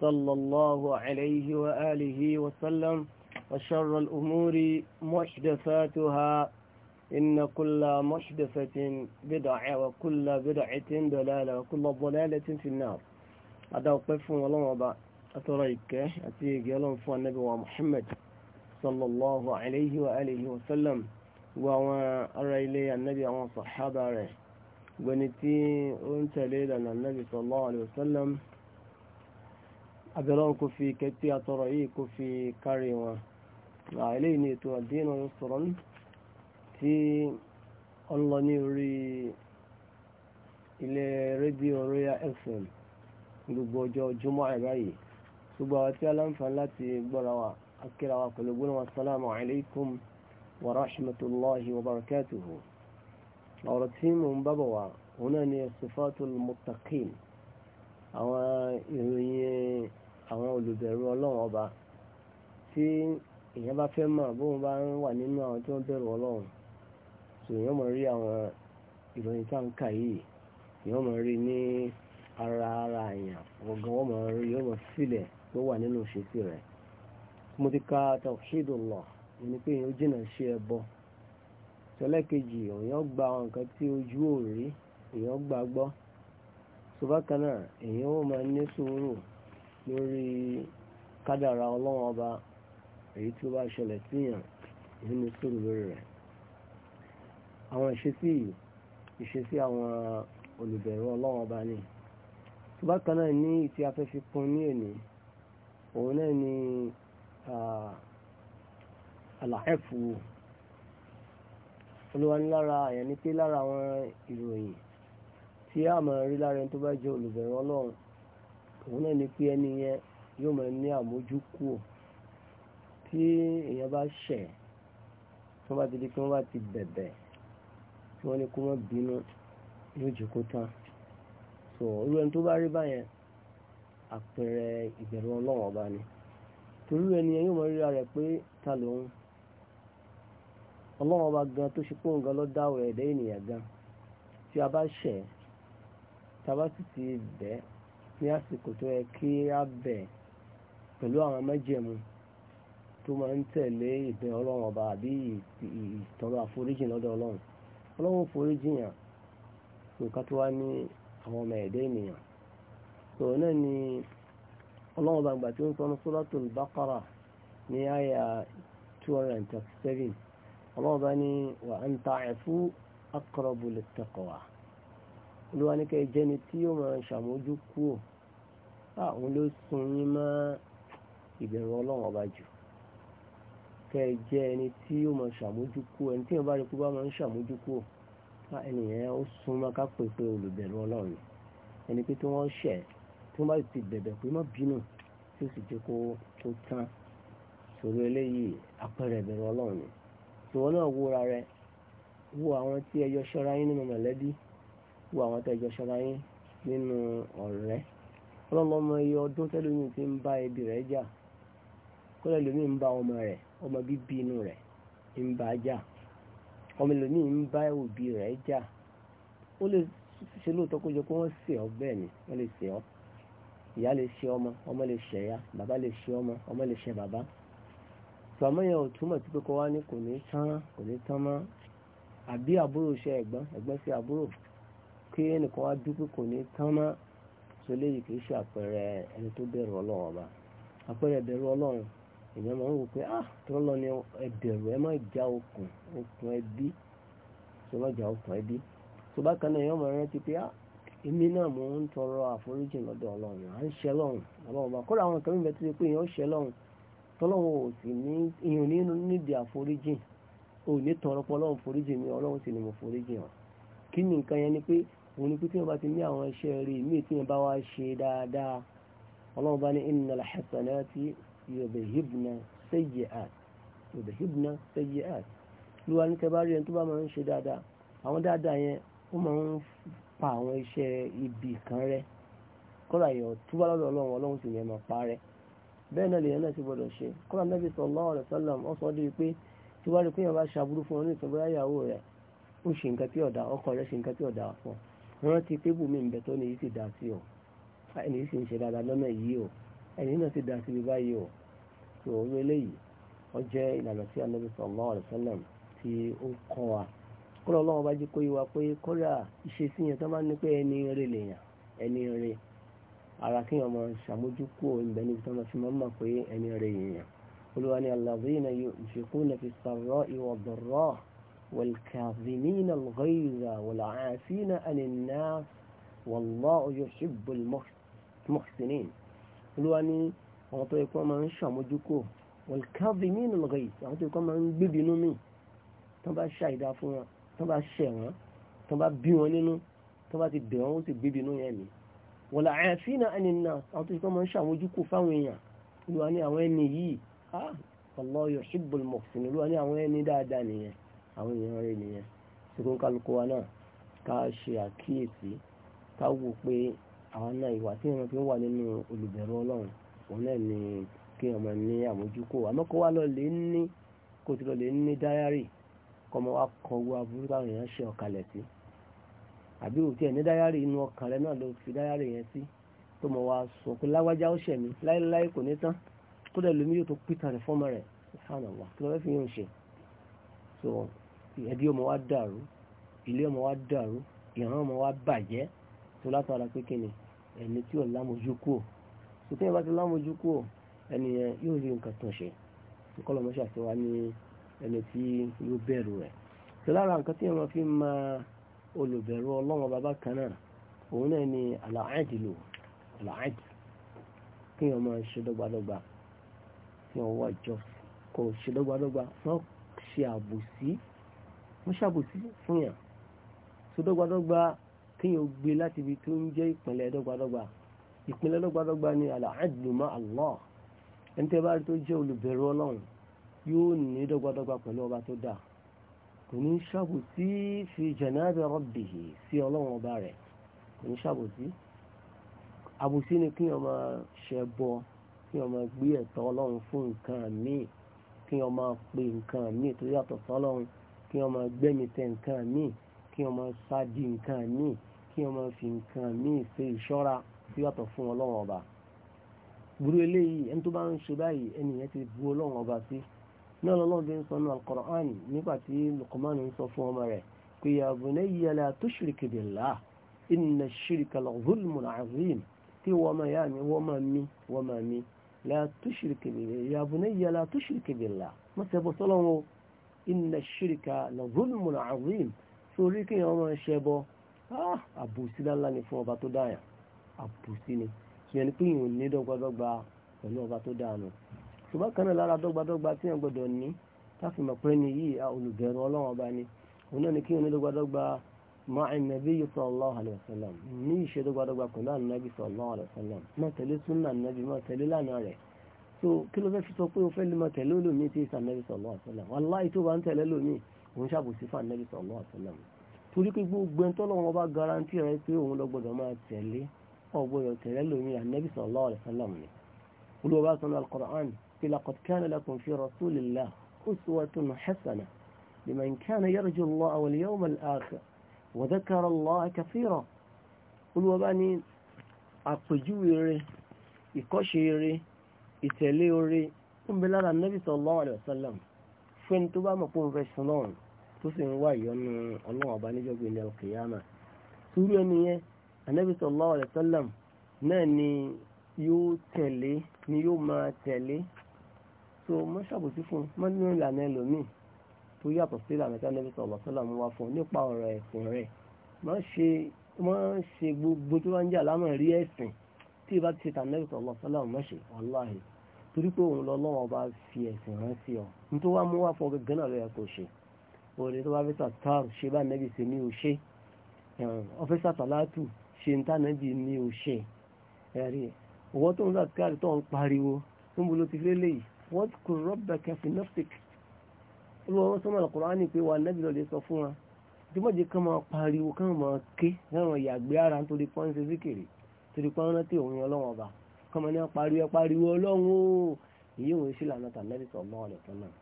صلى الله عليه وآله وسلم وشر الأمور محدثاتها إن كل محدثة بدعة وكل بدعة ضلالة وكل ضلالة في النار هذا وقف ولم أبع أتريك أتيك يلون فو النبي ومحمد صلى الله عليه وآله وسلم وأرى إلي النبي وصحابه ونتي أنت ليلة النبي صلى الله عليه وسلم abẹ́lọ́run kò fi kẹtí àtọrọ yìí kò fi kárí wọn eléyìí ni ètò àdínà sọ̀rọ̀ tí ó ń lọ ní orí ilé rédíò royal fm gbogbo ọjọ́ jùmọ̀ ẹ̀rá yìí gbogbo àwọn tí aláǹfààní láti gbọ́ra wa akíra wa pẹ̀lú gbọ́nà wa sálámù alaykum wa rahmatulahi wa barakatuhu ọ̀rọ̀ tí mò ń bábọ̀ wá òun náà ni sifatul muttaqin àwọn ìròyìn àwọn olùbẹ̀rù ọlọ́run ọba tí èèyàn bá fẹ́ mọ̀ bóun bá ń wà nínú àwọn tí ń bẹ̀rù ọlọ́run tó èèyàn mọ̀ rí àwọn ìròyìn tá à ń kà yìí èèyàn mọ̀ rí ní ara ara àyàn ọ̀gọ̀gàn wọ́n mọ̀ rí mọ̀ sílẹ̀ tó wà nínú rẹ̀ mo ti ka pé èèyàn jìnnà tọ́lẹ́kejì èèyàn gba àwọn nǹkan tí ojú ò rí èèyàn gbàgbọ́ tó náà èèyàn lórí kádàrà ọlọ́wọ́n ọba èyí tí ó bá ṣẹlẹ̀ síyàn èyí ni sùúrù lórí rẹ̀ àwọn ìṣesí ìṣesí àwọn olùbẹ̀rù ọlọ́wọ́n ọba ni tó bá kan náà ní ìtí afẹ́fi kún ní èní òun náà ni àlàáfù olúwanilára àyàn ni pé lára àwọn ìròyìn tí a máa rí lára ẹni tó bá jẹ́ olùbẹ̀rù ọlọ́run òun náà ni pé ẹni yẹn yóò máa ní àmójúkúò tí èèyàn bá ṣẹ̀ tí wọ́n bá ti di pé wọ́n bá ti bẹ̀bẹ̀ tí wọ́n ní kó má bínú yóò jẹ́ kó tán so irú ẹni tó bá rí báyẹn àpẹẹrẹ ìbẹ̀rù ọlọ́wọ́n ọba ni torí ẹni yẹn yóò mọ ríra rẹ̀ pé ta lòun ọlọ́wọ́n ọba gan tó ṣe pé nǹkan ló dáwọ̀ ẹ̀dẹ́ ènìyàn gan tí a bá ṣẹ̀ tá a bá sì ti bẹ̀ ní àsìkò tó yẹ kí á bẹ̀ pẹ̀lú àwọn mẹ́jẹ̀mú tó máa ń tẹ̀lé ìbẹ̀ ọlọ́run ọba àbí ìtọ́rọ àforíjì lọ́dọ̀ ọlọ́run ọlọ́run foríjì nǹkan tó wá ní àwọn ọmọ ẹ̀dẹ́ ènìyàn sọ̀rọ̀ náà ni ọlọ́run ọba àgbà ní 237 ọlọ́run ọba ní wa an ta'fu aqrabu lit-taqwa olúwa ní kẹ́ jẹ́ni tí ó máa ṣàmójú àwọn ah, ló sun yín mọ́ ìbẹ̀rù ọlọ́run ọba jù kẹ́ ẹ jẹ́ ẹni tí ó máa ṣàmójúkú ẹni tí wọ́n bá rí pé bá máa ń ṣàmójúkú ẹni yẹn ó súnmọ́ ká pè pé olùbẹ̀rù ọlọ́run ẹni pé tí wọ́n ṣẹ̀ tí wọ́n bá ti bẹ̀bẹ̀ pé má bínú tí ó sì jẹ́ kó tó tán sọ̀rọ̀ eléyìí apẹ̀rẹ̀ ìbẹ̀rù ọlọ́run ni tòun náà wúra rẹ wo àwọn tí ẹjọ́ ṣọ́ra yín nínú mọ̀lẹ́bí wo àwọn tí ẹjọ́ ṣọ́ra yín nínú ọ̀rẹ́ ọlọ́mọ iye ọdún tẹ́lómi ti ń bá ẹbí rẹ̀ jà kọ́lẹ̀ lómi ń bá ọmọ rẹ̀ ọmọ bíbí inú rẹ̀ ń bá jà ọmọ lómi ń bá òbí rẹ̀ jà ó lè ṣe lóòótọ́ kó jẹ kó wọ́n sè ọ́ bẹ́ẹ̀ ni wọ́n lè sè ọ́ ìyá lè ṣe ọmọ ọmọ lè ṣe ìyá bàbá lè ṣe ọmọ ọmọ lè ṣe bàbá tòmọ́ yẹn ò túmọ̀ tí pé kó wá ní kò ní tán kò ní tán mọ́ àbí àbúrò ṣe ẹ̀gbọ́n ẹ̀gbọ́n sí àbúrò kí ẹnìkan wá dúpẹ́ kò ní tán mọ́ so léyìí kì í ṣe àpẹẹrẹ ẹni tó bẹ̀rù ọlọ́run ọba àpẹẹrẹ ìbẹ̀rù ọlọ́run èèyàn máa ń wò pé ah tọ́lọ́ ni ẹ bẹ̀rù ẹ má já okùn okùn ẹbí tó má já okùn ẹbí tó bá kan náà èèyàn máa rántí pé ah èmi náà mò ń tọrọ àforíjì lọ́dọ̀ ọlọ́run à ń ṣe lọ́run ọlọ́run ọba kódà àwọn kan bẹ tó ṣe pé èèyàn ṣe lọ́run tọ́lọ́run ò sì ní òun ni pé tí wọ́n bá ti ní àwọn iṣẹ́ rí mí tí wọ́n bá wá ṣe dáadáa ọlọ́run bá ní innal hasanati yudhhibna sayyi'at yudhhibna sayyi'at lúwa ní kẹbá rí ẹni tó bá máa ń ṣe dáadáa àwọn dáadáa yẹn ó máa ń pa àwọn iṣẹ́ ibi kan rẹ kọ́lá yẹn túbá lọ́dọ̀ ọlọ́run ọlọ́run sì yẹn máa pa rẹ bẹ́ẹ̀ náà lèyẹn náà ti gbọ́dọ̀ ṣe kọ́lá Nabi sallallahu alaihi wasallam ọ rántí pé bùnmi ń bẹ tó ní yìí sì dá sí ọ ẹni yìí sì ń ṣe dáadáa lọ́nà yìí o ẹni náà sì dá sí báyìí o tó o rí eléyìí ó jẹ́ ìlànà tí anabi sallallahu alaihi wasallam tí ó kọ́ wa kó lọ́wọ́ bá jí kó yí wa pé kódà ìṣesí yẹn tó máa ń ní pé ẹni lèèyàn ẹni ara kí ọmọ ṣàmójúkú níbi tó máa mọ̀ pé ẹni olúwa ni والكاظمين الغيظ والعافين عن الناس والله يحب المحسنين الواني àwọn tó yẹ kó máa ń ṣàmójúkò wọlkavimín lọ́gàí àwọn tó yẹ kó máa ń gbébinú mi tán bá ṣàìdá fún wọn tán bá ṣẹ̀ wọn tán bá bí wọn nínú tán bá ti bẹ̀ wọn ó sì gbébinú yẹn mi wọ̀là àyàfínà ẹni àwọn tó yẹ máa ń ṣàmójúkò fáwọn èèyàn olúwa ní àwọn ẹni yìí ah ọlọ́yọ̀ ṣùgbọ́n mọ̀sìn olúwa ní àwọn ẹni dáadáa nìyẹn àwọn èèyàn rẹ̀ nìyẹn ṣùgbọ́n kálukú wa náà ká ṣe àkíyèsí ká wò pé àwọn náà ìwà tí wọn fi ń wà nínú olùbẹ̀rù ọlọ́run òun náà ni kí wọn máa ní àmójúkò àmọ́ kó wá lọ lè ní kó ti lọ lè ní dáyárì kọ́ mọ wá kọ owó aburú táwọn èèyàn ṣe ọ̀kalẹ̀ sí àbí òtí ẹ̀ ní dáyárì inú ọkàn rẹ náà ló fi dáyárì yẹn sí tó mọ wá sọ pé lágbájá ó ṣẹ̀mí láéláé kò ní tán kó dẹ̀ lómi yóò tó pítà rẹ̀ fọ́mọ rẹ̀ sùfàànà wà kí lọ́wọ́ fi yóò ṣe ẹbí ọmọ wa dàrú ilé ọmọ wa dàrú ìran ọmọ wa bàjẹ́ tó látara pé kí ni ẹni tí ò lámojú kù tó tẹ́yìn bá ti lámojú kù ẹni yẹn yóò rí nǹkan tán ṣe kọ́lọ́mọṣẹ́ àti wa ní ẹni tí yóò bẹ̀rù rẹ̀ tó lára nǹkan tí wọn fi máa olùbẹ̀rù ọlọ́wọ́n bàbá kan náà òun náà ni àlàáìdìlò àlàáìdì kí wọn máa ṣe dọ́gbadọ́gba kí wọn wá ìjọ kò ṣe dọ́gbadọ́gba wọn ṣe àbòsí wọ́n ṣàbòsí fún yàn so dọ́gbadọ́gba kéèyàn gbé láti ibi tó ń jẹ́ ìpínlẹ̀ dọ́gbadọ́gba ìpínlẹ̀ dọ́gbadọ́gba ni al-adlu Allah ẹni tẹ́ bá rí tó jẹ́ olùbẹ̀rù ọlọ́run yóò ní dọ́gbadọ́gba pẹ̀lú ọba tó dáa kò ní ṣàbòsí fi janabi rabbihi sí ọlọ́run ọba rẹ̀ kò ní ṣàbòsí àbòsí ni kí ọmọ ṣẹbọ kí ọmọ gbé ẹ̀tọ́ ọlọ́run fún nǹkan míì kí ọmọ pe nǹkan míì tó yàtọ̀ sọ́lọ́run kí wọ́n máa gbẹ́mi tẹ nǹkan míì kí wọ́n máa sáàdì nǹkan míì kí wọ́n máa fi nǹkan míì ṣe ìṣọ́ra tí yàtọ̀ fún ọlọ́run ọba burú eléyìí ẹni tó bá ń ṣe báyìí ẹni yẹn ti bu ọlọ́run ọba sí náà lọ́lọ́run bí ń sọ náà Al-Qur'an nígbà tí Luqman ń sọ fún ọmọ rẹ̀ pé ya bunayya la tushrik billah inna ash-shirka la dhulmun 'azim tí wọ́n máa yá mi wọ́n máa mi wọ́n máa mi la tushrik billah ya bunayya la tushrik billah mọ́ inna ṣíríkà la zulmun azim sórí kí wọ́n máa ṣẹbọ ah, àbòsí lálá ni fún ọba tó dáyà àbòsí ni ìyẹn ni pé ìyẹn ní dọ́gbadọ́gba pẹ̀lú ọba tó dáànù ṣùgbọ́n kan náà lára dọ́gbadọ́gba tí wọ́n gbọ́dọ̀ ní láti mọ̀ pé ní yìí olùbẹ̀rù ọlọ́run ọba ni òun náà ni kí wọ́n ní dọ́gbadọ́gba ma'a nabi sallallahu alaihi wasallam ní ìṣe dọ́gbadọ́gba pẹ̀lú ànábì sallallahu alaihi wasallam má tẹ̀lé súnà ànábì má tẹ̀lé lánàá rẹ̀ so kí ló fẹ́ fi sọ pé o fẹ́ lè máa tẹ̀lé olómi tí ìsàn nẹ́bí sallallahu alaihi wasallam wallahi tó bá ń tẹ̀lé olómi òun ṣàbòsí fà nẹ́bí sallallahu alaihi wasallam torí pé gbogbo ẹni tọ́lọ́ wọn bá garanti rẹ pé òun lọ gbọ́dọ̀ máa tẹ̀lé ọ gbọ́dọ̀ tẹ̀lé lómi ànẹ́bí sallallahu alaihi wasallam ni olùwọ́ bá sọ̀rọ̀ al-Qur'an pé fi rasulillahi uswatun ìkọ́ṣe rẹ ìtẹ̀lé orí ń bẹ lára Nabi sallallahu alaihi wasallam fún ẹni tó bá mọ̀ pé òun fẹ́ sin náà tó sì ń wá ìyọnu ọlọ́run ọba gbé ní al-qiyama sùúrù ẹni yẹn Nabi sallallahu alaihi wasallam náà ni yóò tẹ̀lé ni yóò máa tẹ̀lé tó mọ́ ṣàbòsí fún mọ́ nínú ìlànà ẹlòmíì tó yàtọ̀ sí ìlànà tí Nabi sallallahu alaihi wasallam wá fún nípa ọ̀rọ̀ ẹ̀sìn rẹ̀ má ṣe gbogbo tó bá ń jà lámọ̀ rí ẹ̀sìn tí ìbá ti ṣe tànẹ́bì sọ̀lọ́ sọ́lá mọ́ṣẹ́ wàláhì torí pé òun lọ́lọ́wọ́ bá fi ẹ̀sìn rántí ọ ní tó wá mú wá fọ gẹ́gẹ́ náà lọ́yẹ kò ṣe òde tó bá fẹ́ sàtàr ṣe bá nẹ́bì ṣe ní òṣè ọfẹ́ sàtàlátù ṣe ń tànẹ́bì ní òṣè ẹ̀rí owó tó ń sàtàr tó ń pariwo tó ń bolo ti fẹ́ léyìí wọ́n kò rọ́bà kẹfì nọ́fìk olùwà wọn sọmọ àkùránì pé wà nẹ́bì lọ́lẹ́ sọ fún wa tí máa pariwo kàn máa ké kàn máa yàgbé ara nítorí pọ́ńsẹ̀ síkèrè torí pé ọ̀rán tí òun yẹn ọlọ́wọ́n ọba kọ́mọ ní pariwo pariwo ọlọ́run o èyí òun sí ìlànà tànẹ́bì sallallahu alaihi wasallam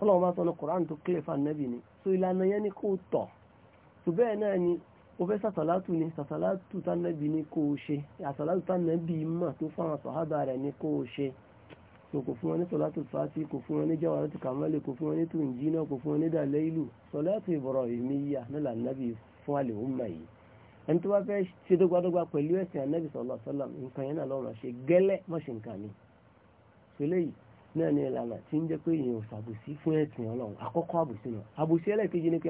ọlọ́run bá sọ koran tó kílẹ̀ fún ànẹ́bì ni so ìlànà yẹn ni kò tọ̀ tó bẹ́ẹ̀ náà ni o fẹ́ sàtàlátù ni sàtàlátù tànẹ́bì ni kò ṣe àtàlátù tànẹ́bì mọ̀ tó fáwọn sọ̀hábà rẹ̀ ni kò ṣe so kò fún wọn ní sọ̀látù fàtí kò fún wọn ní jawaratu kamali kò fún wọn ní tùǹjì náà kò fún wọn ní dàlẹ́ ìlú sọ̀látù ẹni tó bá fẹ́ ṣe dọ́gbadọ́gba pẹ̀lú ẹ̀sìn anábì sallallahu alaihi wasallam nǹkan yẹn náà lọ́rọ̀ ṣe gẹ́lẹ́ mọ́ ṣe nǹkan ni ṣẹlẹ̀ yìí náà ni ìlànà tí ń jẹ́ pé èèyàn ṣàbòsí fún ẹ̀sìn ọlọ́run àkọ́kọ́ àbòsí náà àbòsí ẹlẹ́ẹ̀kejì ni pé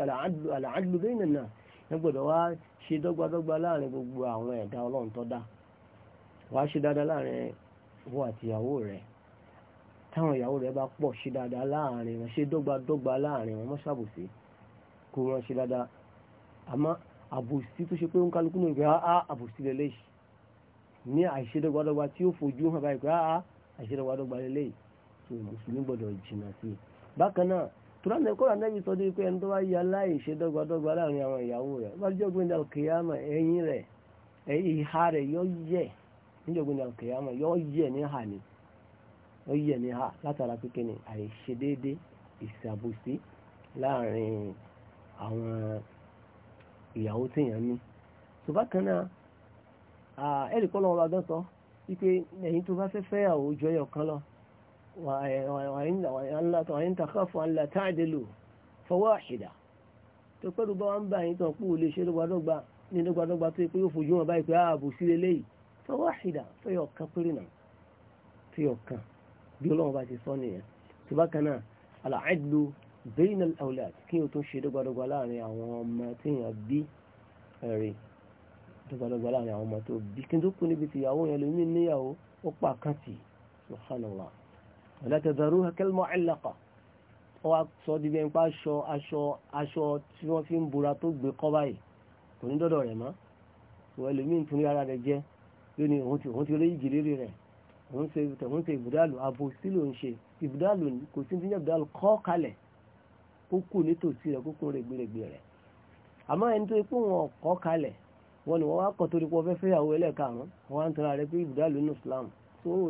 àlàádùn bẹ́ẹ̀ náà ẹ gbọ́dọ̀ wá ṣe dọ́gbadọ́gba láàrin gbogbo àwọn ẹ̀dá ọlọ́run tó dá wá ṣe dáadáa láàrin wo àti ìyàwó rẹ̀ táwọn ìyàwó rẹ̀ bá pọ̀ ṣe dáadáa láàrin wọn ṣe dọ́gbadọ́gba láàrin wọn mọ́ ṣàbòsí kó wọn àbòsí tó ṣe pé ń kálukú náà ìgbà á àbòsí lélẹ́yìí ní àìṣedọ́gbadọ́gba tí ó fojú hàn báyìí pé á àìṣedọ́gbadọ́gba lélẹ́yìí tó mùsùlùmí gbọ́dọ̀ jìnnà sí i. bákan náà tùrọ̀nà kọ́ra nẹ́bí sọ dé pé ẹni tó bá yẹ aláìṣedọ́gbadọ́gba láàrin àwọn ìyàwó rẹ̀ bá jọ́gbìn dàlùkìyàmà ẹ̀yìn rẹ̀ ìhà rẹ̀ yọ yẹ̀ níjọ́gbìn dàlùkìyàmà yọ yẹ̀ ìyàwó téèyàn ní tó bá kan náà ẹ̀rì kọ́ lọ́wọ́ ọlọ́dún sọ wípé ẹ̀yin tó bá fẹ́ fẹ́ àwọn ojú ẹyọ kan lọ wàyín takhafu an la ta'dilu fawahida tó pẹ́rù bá wọn bá yín tán pé ò lè ṣe lọ́gbàdọ́gba ní lọ́gbàdọ́gba tó yẹ pé yóò fojú wọn báyìí pé ààbò ah, sí eléyìí fawahida fẹ́yọ̀ kan péré náà fẹ́yọ̀ kan bí ọlọ́run bá ti sọ nìyẹn tó bá kan náà al bainal awlad kí o tún ṣe dọ́gbadọ́gba láàrin àwọn ọmọ tí èèyàn bí ẹ̀rí dọ́gbadọ́gba láàrin àwọn ọmọ tó bí kí n tó kú níbi tí ìyàwó yẹn lómi níyàwó ó pa àkáǹtì subhanallah wala tadharuha kalmu'allaqa ó wá sọ di bí ẹni pa aṣọ aṣọ aṣọ tí wọ́n fi ń bora tó gbé kọ́ báyìí kò ní dọ́dọ̀ rẹ̀ mọ́ ìwọ ẹlòmíì ń tún ara rẹ̀ jẹ́ lónìí òun ti òun ṣe ìbùdálù àbòsí kó kù nítòsí rẹ̀ kó kù rẹ̀gbẹ̀rẹ̀gbẹ̀ rẹ̀ àmọ́ ẹni tó pé wọn kọ́ kalẹ̀ wọn ni wọ́n wá kọ́ torí pé wọ́n fẹ́ fẹ́ ìyàwó ẹlẹ́ẹ̀karùn-ún wọn wá ń tọ́ra rẹ pé ìbùdá lónìí Islam tó wọn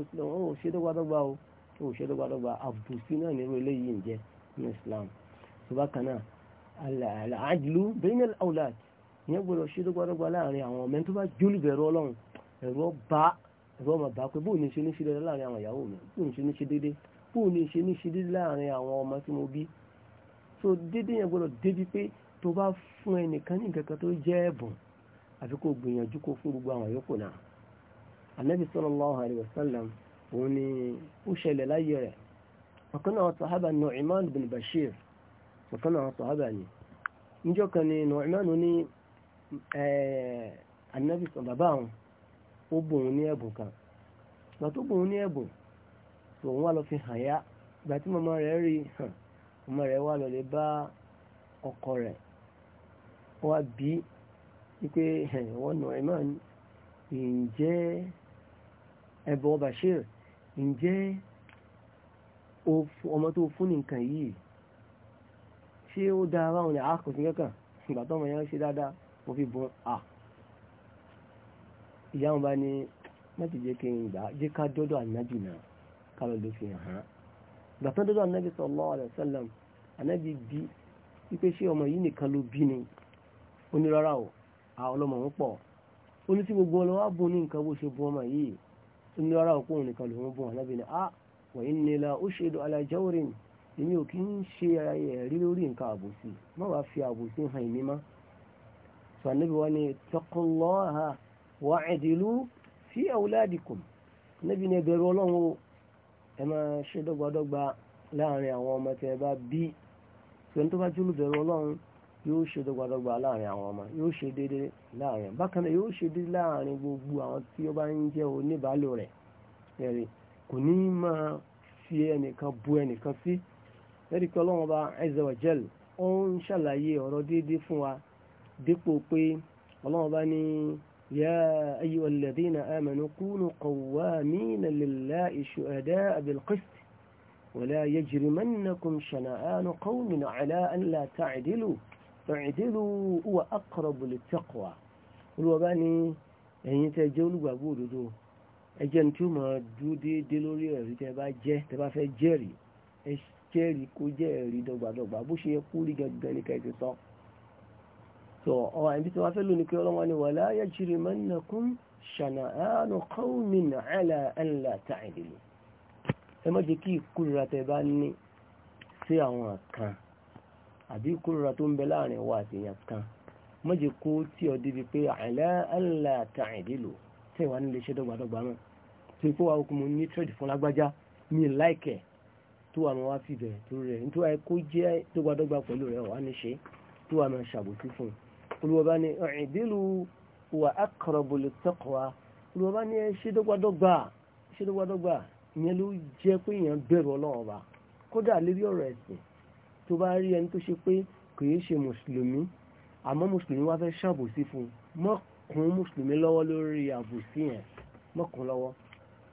ò ṣe dọ́gbadọ́gba o tó ò ṣe dọ́gbadọ́gba àbùsí náà nírú eléyìí ń jẹ́ ní Islam tó bá kan náà àjùlù bẹ́ẹ̀nẹ́l aulad ìyẹn gbọ́dọ̀ ṣe dọ́gbadọ́gba láàrin àwọn ọmọ ẹni tó bá jólùbẹ̀rù Ọlọ́run ẹ̀rọ bá ẹ̀rọ ọmọ bá pé bóun ní so dédé yẹn gbọ́dọ̀ débi pé tó bá fún ẹnìkan ní nǹkan kan tó jẹ́ ẹ̀bùn àfi kó gbìyànjú kó fún gbogbo àwọn yòókù náà anabi sallallahu alayhi wa sallam òun ni ó ṣẹlẹ̀ láyé rẹ̀ ọ̀kan náà sàhábà Nu'man bin Bashir ọ̀kan náà sàhábà yìí níjọ́ kan ni Nu'man ní anabi sọ bàbá àwọn ó bùn ní ẹ̀bùn kan gbà tó bùn ní ẹ̀bùn wà lọ fi hàn yá gbà tí rẹ̀ rí hàn ọmọ rẹ̀ wà lọ lè bá ọkọ rẹ̀ wá bí wípé wọ́n nà ẹ̀mọ́ ǹjẹ́ ẹbọ Bashir ǹjẹ́ ọmọ tó fún ní nǹkan yìí ṣé ó dáa báwọn ni àákò sí kẹ́kàn ìgbà tó ọmọ yẹn ṣe dáadáa mo fi bọ́n à ìyá wọn bá ní láti jẹ́ kí n gbà jẹ́ ká dọ́dọ̀ ànábì náà ká lọ lè fi hàn án gbàtán dọ́dọ̀ anábì sallallahu alaihi wasallam anábì bí wípé ṣé ọmọ yìí nìkan ló bí ni ó ní rárá o àwọn ọlọ́mọ ń pọ̀ ó ní sí gbogbo ọlọ́wà bùn ní nǹkan bó ṣe bùn ọmọ yìí ó ní rárá o kó òun nìkan lòún bùn anábì ni ah wa inni la ushidu ala jawrin èmi ò kí ń ṣe ẹ̀rí lórí nǹkan àbòsí má wàá fi àbòsí hàn mí má sọ anábì wa ni taqullaha ẹ máa ṣe dọ́gbadọ́gba láàrin àwọn ọmọ tí ẹ bá bí pẹ̀lú tó bá jùlọ bẹ̀rù ọlọ́run yóò ṣe dọ́gbadọ́gba láàrin àwọn ọmọ yóò ṣe dédé láàrin bákan náà yóò ṣe dédé láàrin gbogbo àwọn tí ó bá ń jẹ́ oníbàálò rẹ̀ ẹ̀rí kò ní máa fi ẹnìkan bu ẹnìkan sí ẹ̀rí pé ọlọ́run ọba azza wa jal ó ń ṣàlàyé ọ̀rọ̀ déédéé fún wa dípò pé ọlọ́run ọba ní يا أيها الذين آمنوا كونوا قوامين لله شهداء بالقسط ولا يجرمنكم شنآن قوم على أن لا تعدلوا فاعدلوا هو أقرب للتقوى olùwọ́bání ẹ̀yin tẹ́ jẹ́ olùgbàgbọ́ òdodo ẹjẹ́ ní tí ó máa dúró déédéé lórí ẹ̀rí tẹ́ bá jẹ́ tẹ́ bá fẹ́ jẹ́rìí ẹ jẹ́rìí kó jẹ́ ẹ̀rí dọ́gbàdọ́gbà bó ṣe yẹ kó rí gangan ní ká ẹ ti sọ so ọwọ́ àìbí tí wọ́n fẹ́ lónìí pé ọlọ́wọ́ ni wala yajrimannakum shana'anu qawmin ala an la ta'dilu ẹ má jẹ́ kí ìkúrira tẹ bá ní sí àwọn kan àbí ìkúrira tó ń bẹ láàrin wa àti èèyàn kan má jẹ́ kó tí ọ débi pé ala an la tí ìwà ní trade fún dọ́gbadọ́gba pẹ̀lú rẹ̀ wà wà máa olùwọ́bá ní ọ̀rìndínlù wà aqrabu lit-taqwa olùwọ́bá ní ṣídọ́gbàdọ́gbà ṣídọ́gbàdọ́gbà ìyẹn ló jẹ́ pé èèyàn bẹ̀rù ọlọ́run ọba kódà lérí ọ̀rọ̀ ẹ̀sìn tó bá rí ẹni tó ṣe pé kì í ṣe mùsùlùmí àmọ́ mùsùlùmí wá fẹ́ ṣàbòsí fún mọ́kùn mùsùlùmí lọ́wọ́ lórí àbòsí yẹn mọ́kùn lọ́wọ́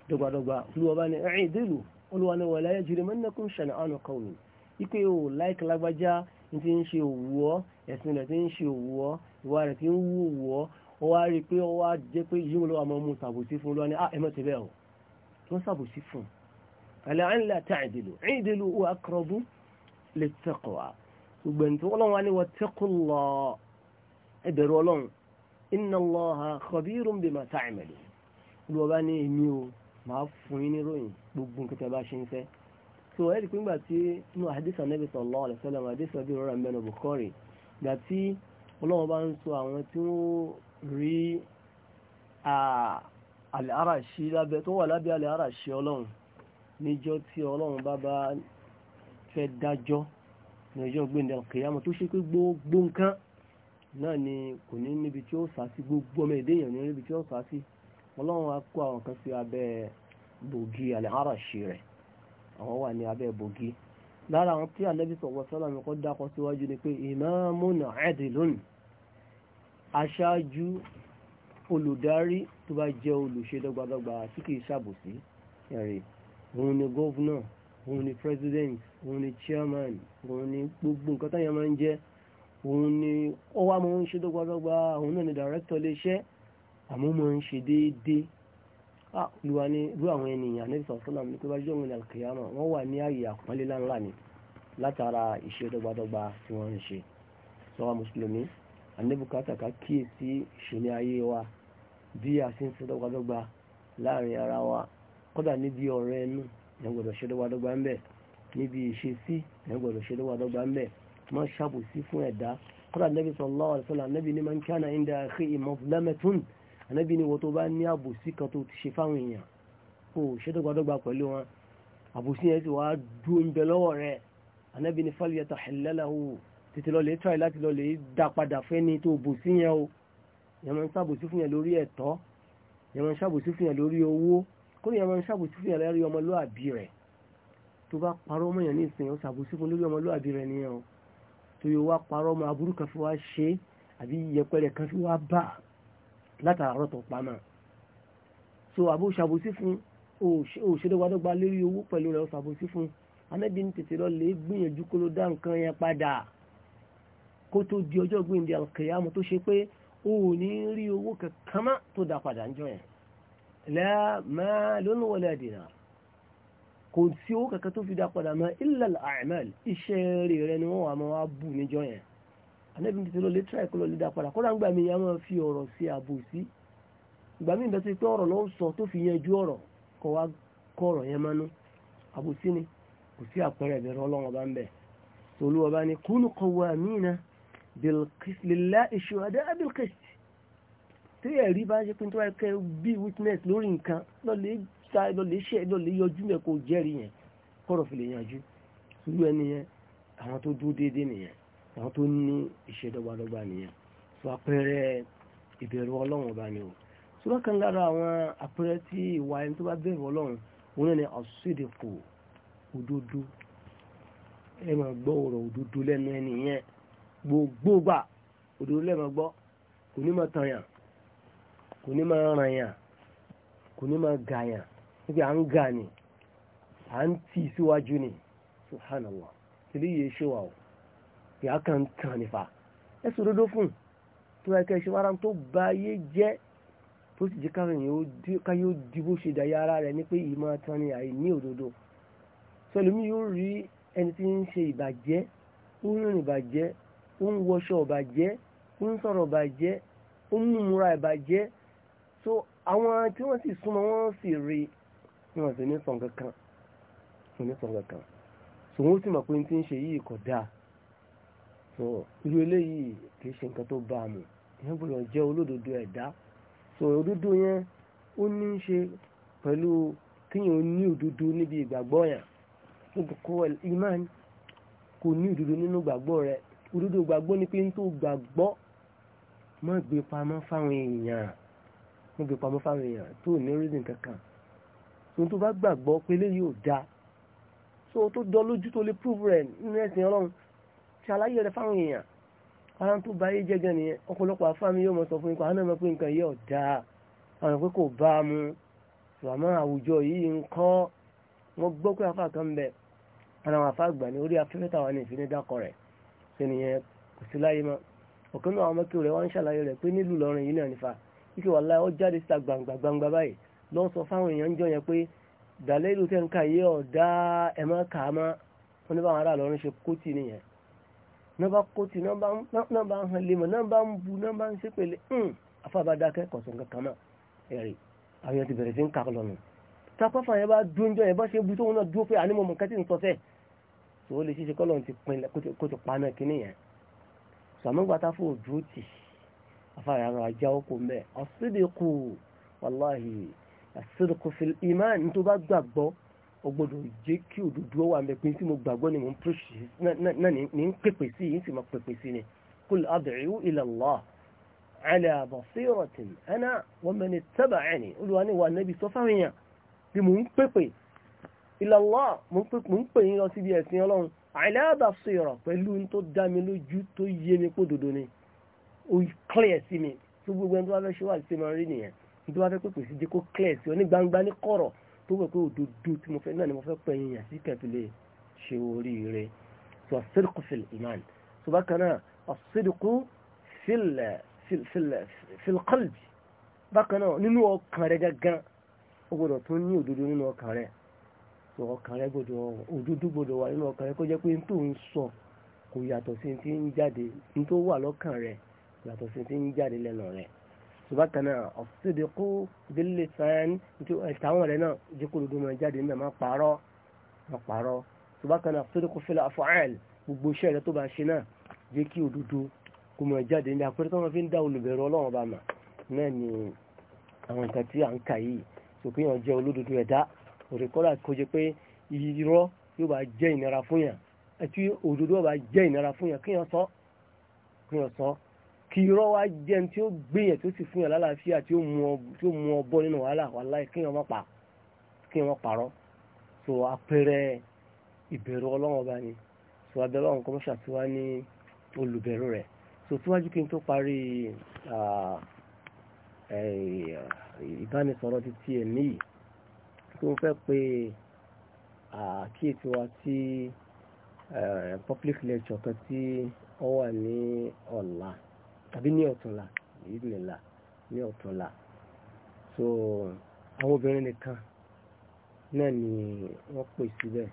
dọ́gbàdọ́gbà olùwọ́bá ní i'dilu olùwà ní wala yajrimannakum shana'anu qawmin ipe o ẹ̀sìn rẹ̀ ti ń ṣe òwú ọ́ ìwà rẹ̀ ti ń wú òwú ọ́ ó wá rí i pé ó wá jẹ́ pé yíwọ́n lọ́wọ́ máa mú tàbùsí fún lọ́wọ́ ní à ẹ̀mọ́ ti bẹ́ẹ̀ o tó ń sàbùsí fún ẹ̀lẹ́rìn la ta'dilu i'dilu huwa aqrabu lit-taqwa gbogbo ẹni tó ọlọ́run wá ní wattaqullah ẹ̀bẹ̀rù ọlọ́run inna Allaha khabirun bima ta'malun olùwọ́ bá so ẹ̀rí pé ńgbà tí inú àdìsàn Nabi sallallahu alaihi wasallam bí rọra mẹ́nu Bukhari ìgbà tí ọlọ́run bá ń sọ àwọn tí wọ́n rí àlẹ́ àràṣí lábẹ́ tó wà lábẹ́ àlẹ́ àràṣí ọlọ́run níjọ́ tí ọlọ́run bá bá fẹ́ dájọ́ ní ọjọ́ gbẹ̀ndẹ̀ ọ̀kẹ́yàmọ̀ tó ṣe pé gbogbo nǹkan náà ni kò ní níbi tí ó sá sí gbogbo ọmọ èdè èèyàn ní níbi tí ó sá sí lára àwọn tí Ànábì sallallahu alaihi wasallam kọ́ dákọ̀ síwájú ni pé imamun adilun aṣáájú olùdarí tó bá jẹ́ olùṣe dọ́gbadọ́gba tí kìí ṣàbòsí ẹ̀rẹ̀ òun ni gọ́vnà òun ni president òun ni chairman òun ni gbogbo nǹkan táyà máa ń jẹ́ òun ni ó wá ń ṣe dọ́gbadọ́gba òun náà ni director lè ṣẹ́ àmọ́ máa ń ṣe déédéé Ah, olùwà ni irú àwọn ènìyàn níbi sọ̀tọ́lá ní tó bá jọ́ òun àlùkìyàmọ̀ wọ́n wà ní ààyè àpọ́nlé láńlá ni látara ìṣe dọ́gbadọ́gba tí wọ́n ń ṣe sọ́wọ́ mùsùlùmí anébùkátà ká kíyèsí ìṣẹ̀mí ayé wa bí a ṣe ń ṣe dọ́gbadọ́gba láàrin ara wa kódà níbi ọ̀rọ̀ ẹnu ìyẹn gbọ́dọ̀ ṣe dọ́gbadọ́gba ń bẹ̀ níbi ìṣesí ìyẹn gbọ́dọ̀ ṣe dọ́gbadọ́gba ń bẹ̀ má ṣàbòsí fún ẹ̀dá kódà nẹ́bí sallallahu alaihi ànábì ni wọ́n tó bá ní àbòsí kan tó ti ṣe fáwọn èèyàn kò ṣẹ́dọ̀gbàdọ́gba pẹ̀lú wọn àbòsí yẹn ti wá dúró ń lọ́wọ́ rẹ̀ ànábì ni fáliyàtà hẹ̀lẹ́láwò tètè lọ́lẹ̀ tíráì láti lọ́lẹ̀ dá padà fẹ́ni tó bòsí yẹn o yẹn máa ń ṣàbòsí fún yẹn lórí ẹ̀tọ́ yẹn máa ń ṣàbòsí fún yẹn lórí owó kó yẹn máa ń ṣàbòsí fún yẹn lórí ọmọlúàbí rẹ̀ tó bá parọ́ mọ́ yẹn ní ìsìn yẹn ó ṣàbòsí fún lórí ọmọlúàbí rẹ̀ nìyẹn o tó yẹ wá parọ́ mọ́ aburú kan fi wá ṣe àbí yẹpẹrẹ kan fi wá bà látàárọ̀ tó pamọ́ so àbó ṣàbòsí fún òṣèdọ́gbàdọ́gba lórí owó pẹ̀lú rẹ̀ ṣàbòsí fún anábì ní tètè lọ lè gbìyànjú kó ló dá nǹkan yẹn padà kó tó di ọjọ́ gbìyànjú alkèyàmù tó ṣe pé o ò ní rí owó kankan má tó dá padà ń jọ yẹn la malun wala dinar kò sí owó kankan tó fi dá padà mọ́ illa al iṣẹ́ rẹ̀ ni wọ́n wà máa bù níjọ yẹn anabi ní ti lọ lè tíráì kó lọ lè dá padà kódà ńgbà mi a máa fi ọ̀rọ̀ ṣe àbòsí ìgbà mi ìbẹ́sẹ̀ pé ọ̀rọ̀ ló ń sọ tó fi yanjú ọ̀rọ̀ kọ wá kọ ọ̀rọ̀ yẹn mọ́nú àbòsí ni kò sí àpẹẹrẹ ìbẹ̀rẹ̀ ọlọ́run bá ń bẹ̀ tolú ọba ni kúnú qawwamina bilqisti shuhada'a bilqisti tí ẹ̀rí bá ń ṣe pé tó wáyé bí witness lórí nǹkan lọ́lẹ̀ sa lọ́lẹ̀ ṣe lọ́lẹ̀ yọjú mẹ́ kó jẹ́rìí yẹn kọ́rọ̀ fi lè yanjú irú ẹni yẹn àwọn tó dúró déédéé nìyẹn àwọn tó ní ìṣèdọ́gbàdọ́gba nìyẹn so àpẹẹrẹ ìbẹ̀rù ọlọ́run ọba ni o so bákan lára àwọn àpẹẹrẹ tí ìwà ẹni tó bá bẹ̀rù ọlọ́run òun náà ni àṣìdìkù òdodo ẹ máa gbọ́ ọ̀rọ̀ òdodo lẹ́nu ẹni yẹn gbogbo gbà òdodo lẹ́ẹ̀ gbọ́ kò ní máa tanyàn kò ní máa ranyàn kò ní máa gàyàn níbi à ń ga ni à ń tì síwájú ni subhanallah kìlí yìí ṣe wà o ìyá kan tàn nífà ẹ sòdodo fún tó ẹkẹ ṣe wára tó ba ayé jẹ́ tó sì jẹ́ káyọ̀ ó di bó ṣe dàyà ara rẹ̀ ní pé ìmọ̀ tán ni àìní òdodo sọlùmí yóò rí ẹni tí ń ṣe ìbàjẹ́ ó ń rìn ìbàjẹ́ ó ń wọṣọ ìbàjẹ́ ń sọ̀rọ̀ ìbàjẹ́ ń múra ìbàjẹ́ so àwọn tí wọ́n sì súnmọ́ wọ́n sì rí wọn sì ní sàn kankan sì ní sàn kankan so wọ́n sì mọ̀ pé ní ti ń ṣe yìí kò dáa so irú eléyìí kì í ṣe nǹkan tó bá a mọ̀ ìyẹn gbọ́dọ̀ jẹ́ olódodo ẹ̀dá so òdodo yẹn ó ní í ṣe pẹ̀lú kíyàn ní òdodo níbi ìgbàgbọ́ yẹn kókó imán kò ní òdodo nínú gbàgbọ́ rẹ òdodo gbàgbọ́ ni pé ń tó gbàgbọ́ má gbé pamọ́ fáwọn èèyàn gbé pamọ́ fáwọn èèyàn tó reason kankan tó bá gbàgbọ́ pé eléyìí ò dáa so tó dọ lójú tó lè prove rẹ nínú ṣàlàyé rẹ̀ fáwọn èèyàn ara tó bá yé jẹ́gẹ́ nìyẹn ọ̀pọ̀lọpọ̀ afáàmì yóò mọ̀ sọ fún ikọ̀ àánà mọ̀ pé nǹkan yìí ọ̀dà àwọn pé kò bá a mu ṣùgbọ́n àwùjọ yìí ń kọ́ wọ́n gbọ́ pé afá kan bẹ̀ ara àwọn afá àgbà ní orí afẹ́fẹ́ táwọn ní ìfínní dákọ̀ rẹ̀ ṣe nìyẹn kò sí láyé mọ́ ọ̀kan náà àwọn ọmọ kiri wọn ń ṣàlàyé rẹ̀ pé nílùú lọ́rin yìí náà nífa ike wàlá ó jáde síta gbangba gbangba báyìí lọ́ sọ fáwọn èèyàn ń jọ yẹn pé dàlẹ́ ìlú tẹ̀ ń ka yé ọ̀dà ẹ̀ má kà á mọ́ wọn ní báwọn ará lọ́rin ṣe kó tì nìyẹn nọ́mbà kóòtù nọ́mbà hàn lèmọ̀ nọ́mbà ń bu nọ́mbà ń sépèlè ń hmm. afábádákẹ́ kọ̀sùn kankan náà ẹ̀rì àwọn yẹn ti bẹ̀rẹ̀ sí ń kà lọ́nà takọ́fà yẹn bá dúnjọ yẹn bá ṣe bu tóun náà dúró pé àní mọ̀mọ́ kẹ́tì ń sọ sẹ́ẹ̀ tó o lè ṣiṣẹ́ kọ́ lọ́n ti pinlẹ̀ kó ti pa náà kíní yẹn sàmúgbàtà fún òdúró tì afárá ara ajá okò mbẹ ọ̀sídìkù wàláhì àsídìkù fìlì ìmáà ní tó bá gbàgbọ́ o gbọ́dọ̀ jẹ́ kí òdodo wà mẹ́ pé tí mo gbàgbọ́ ni mo ń pèsè náà ní ń pèpè sí yìí sì máa pèpè sí ni kul ad'u ila Allah ala basiratin ana wa man ittaba'ani olùwà ni wà nẹ́bi sọ fáwọn èèyàn bí mo ń pèpè ila Allah mo ń pè yín lọ síbi ẹ̀sìn ọlọ́run ala basira pẹ̀lú tó dá mi lójú tó yé mi kó dodo ni ó clear sí mi tó gbogbo ẹni tó bá fẹ́ ṣe wà sí mi rí nìyẹn tó bá fẹ́ pèpè sí jẹ́ kó clear sí ọ ní gbangba ní kọ̀rọ̀ tó wẹ̀ pé òdodo tí mo fẹ́ náà ni mo fẹ́ pẹ̀ yín yàn sí kẹ́bílẹ̀ ṣe oríire so as-sidqu fil iman so bákan náà as-sidqu fil fil fil fil qalbi bákan náà nínú ọkàn rẹ gángan ó gbọdọ̀ tún ní òdodo nínú ọkàn rẹ so ọkàn rẹ gbọdọ̀ òdodo gbọdọ̀ wà nínú ọkàn rẹ kó jẹ́ pé tó ń sọ kò yàtọ̀ sí ti ń jáde tó wà lọ́kàn rẹ yàtọ̀ sí ti ń jáde lẹ́nu rẹ̀ subakana ọ̀sídìkú délé sàn ìtàwọn rẹ̀ náà jíkúrúdú máa jáde ń bẹ̀ máa pààrọ̀ máa pààrọ̀ subakana ọ̀sídìkú fẹ́lẹ̀ afọ́ẹ́l gbogbo iṣẹ́ rẹ̀ tó bá ṣe náà jẹ́ kí òdodo kó máa jáde ní àpẹẹrẹ tó máa fi ń dá olùbẹ̀rù ọlọ́run bá mà náà ni àwọn nǹkan tí à ń kà yìí sòkè yàn jẹ́ olódodo ẹ̀dá òrèkọ́lá kí irọ́ wá jẹ́ tí ó gbéyẹ̀ tí ó sì fún yàn lálàáfíà tí ó mú ọbọ nínú wàhálà wàhálà kí yàn parọ́ so apẹrẹ ìbẹ̀rù ọlọ́wọ́n bá ní so abẹ́rẹ́ ọ̀hún kọ́ mọ́ṣà tí ní olùbẹ̀rù rẹ̀ so síwájú kí n tó parí ìbánisọ̀rọ̀ ti tiẹ̀ níyì tí mo fẹ́ pe àkíyèsí wa sí public lecture kan tí ó wà ní ọ̀la tàbí ní ọ̀túnla ìdílélà ní ọ̀túnla so àwọn obìnrin nìkan náà ni wọ́n pè síbẹ̀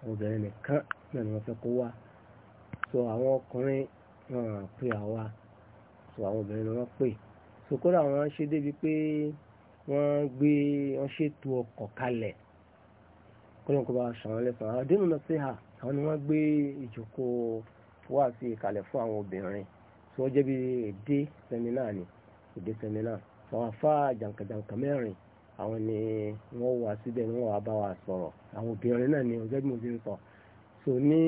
àwọn obìnrin nìkan náà ni wọ́n fẹ́ kó wá so àwọn ọkùnrin náà pè àwa so àwọn obìnrin ni wọ́n pè so kódà wọ́n ṣe débi pé wọ́n gbé wọ́n ṣètò ọkọ̀ kalẹ̀ kódà kó bá ṣàwọn lẹ́sàn-án àdéhùn náà sí hà àwọn ni wọ́n gbé ìjókòó wá sí ìkàlẹ̀ fún àwọn obìnrin tí wọ́n jẹ́ bí èdè sẹ́mínà ni èdè sẹ́mínà àwọn afá jàǹkàjàǹkà mẹ́rin àwọn ni wọ́n wà síbẹ̀ ni wọ́n wà bá wa sọ̀rọ̀ àwọn obìnrin náà ni ọjọ́ bí mo ti ń sọ so ní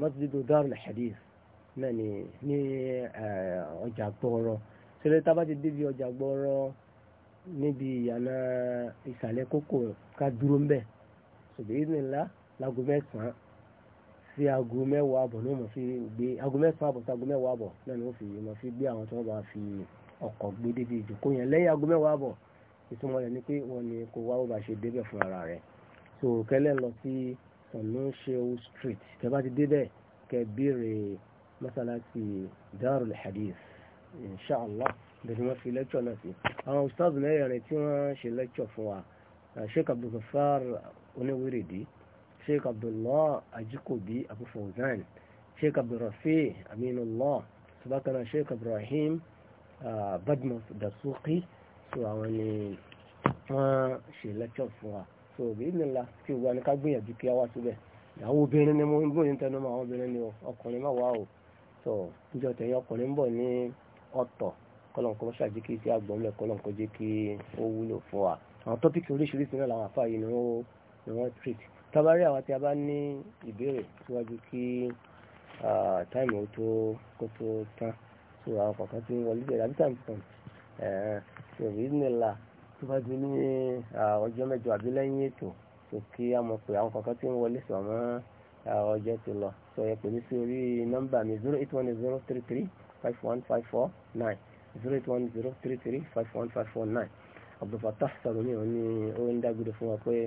masjidu darul hadith náà ni ní ọjà gbọ́ọ̀rọ̀ ṣẹlẹ̀ tá a bá ti débi ọjà gbọ́ọ̀rọ̀ níbi ìyànà ìsàlẹ̀ kókò ká dúró ń bẹ̀ ṣùgbọ́n ìdílé ńlá lágùn mẹ́sàn-án sí aago mẹ́wàá àbọ̀ ní wọ́n fi gbé aago mẹ́sàn-án àbọ̀ sí aago mẹ́wàá àbọ̀ náà ni wọ́n fi wọ́n fi gbé àwọn tí wọ́n bá fi ọkọ̀ gbé débi ìjòkó yẹn lẹ́yìn aago mẹ́wàá àbọ̀ ìtumọ̀ rẹ̀ ni pé wọ́n ní kó wá ó bá ṣe débẹ̀ fún ara rẹ̀ so kẹ́lẹ́ lọ sí Sanusheu street tẹ́ bá ti débẹ̀ kẹ́ béèrè mọ́sálásí Darul Hadith inshallah bẹ̀rẹ̀ ni wọ́n fi lẹ́kṣọ̀ náà sí àwọn ustaz mẹ́rin tí wọ́n ṣe lẹ́kṣọ̀ fún wa Sheikh Abdulgafar oníwèrèdì sheikh abdullah ajikobi abu fawzan sheikh abdulrafi aminullah subakana sheikh ibrahim uh, badmus dasuki so àwọn ni wọ́n ṣe lecture fún wa so bí nílá tí ó wà ní ká gbìyànjú kí a wá síbẹ̀ àwọn obìnrin ni mo ń gbòyìn tẹnu mọ́ àwọn obìnrin ni ọkùnrin máa wà o so níjọ tẹ̀yìn ọkùnrin ń bọ̀ ní ọ̀tọ̀ kọlọ́n kọ́ ṣáàjì kí tí a gbọ́n lẹ̀ kọlọ́n kọ́ jẹ́ kí ó wúlò fún wa àwọn tọ́pìkì oríṣiríṣi náà làwọn àfáà yìí ni wọ́n treat tabari àwọn tí a bá ní ìbéèrè síwájú kí táìmù tó kó tó tán tó àwọn kọ̀ọ̀kan tí wọ́n lè bẹ̀rẹ̀ àbí táìmù tán tó rí nílà tó bá di ní ọjọ́ mẹ́jọ àbí lẹ́yìn ètò tó kí a mọ̀ pé àwọn kọ̀ọ̀kan tí wọlé sọ̀ mọ́ ọjọ́ ti lọ sọ yẹ pè mí sí orí nọ́mbà mi zero eight one zero three three five one five four nine zero eight one zero three three five one five four nine Abdulfatah Sarumi òní ó ń dágbére fún wa pé.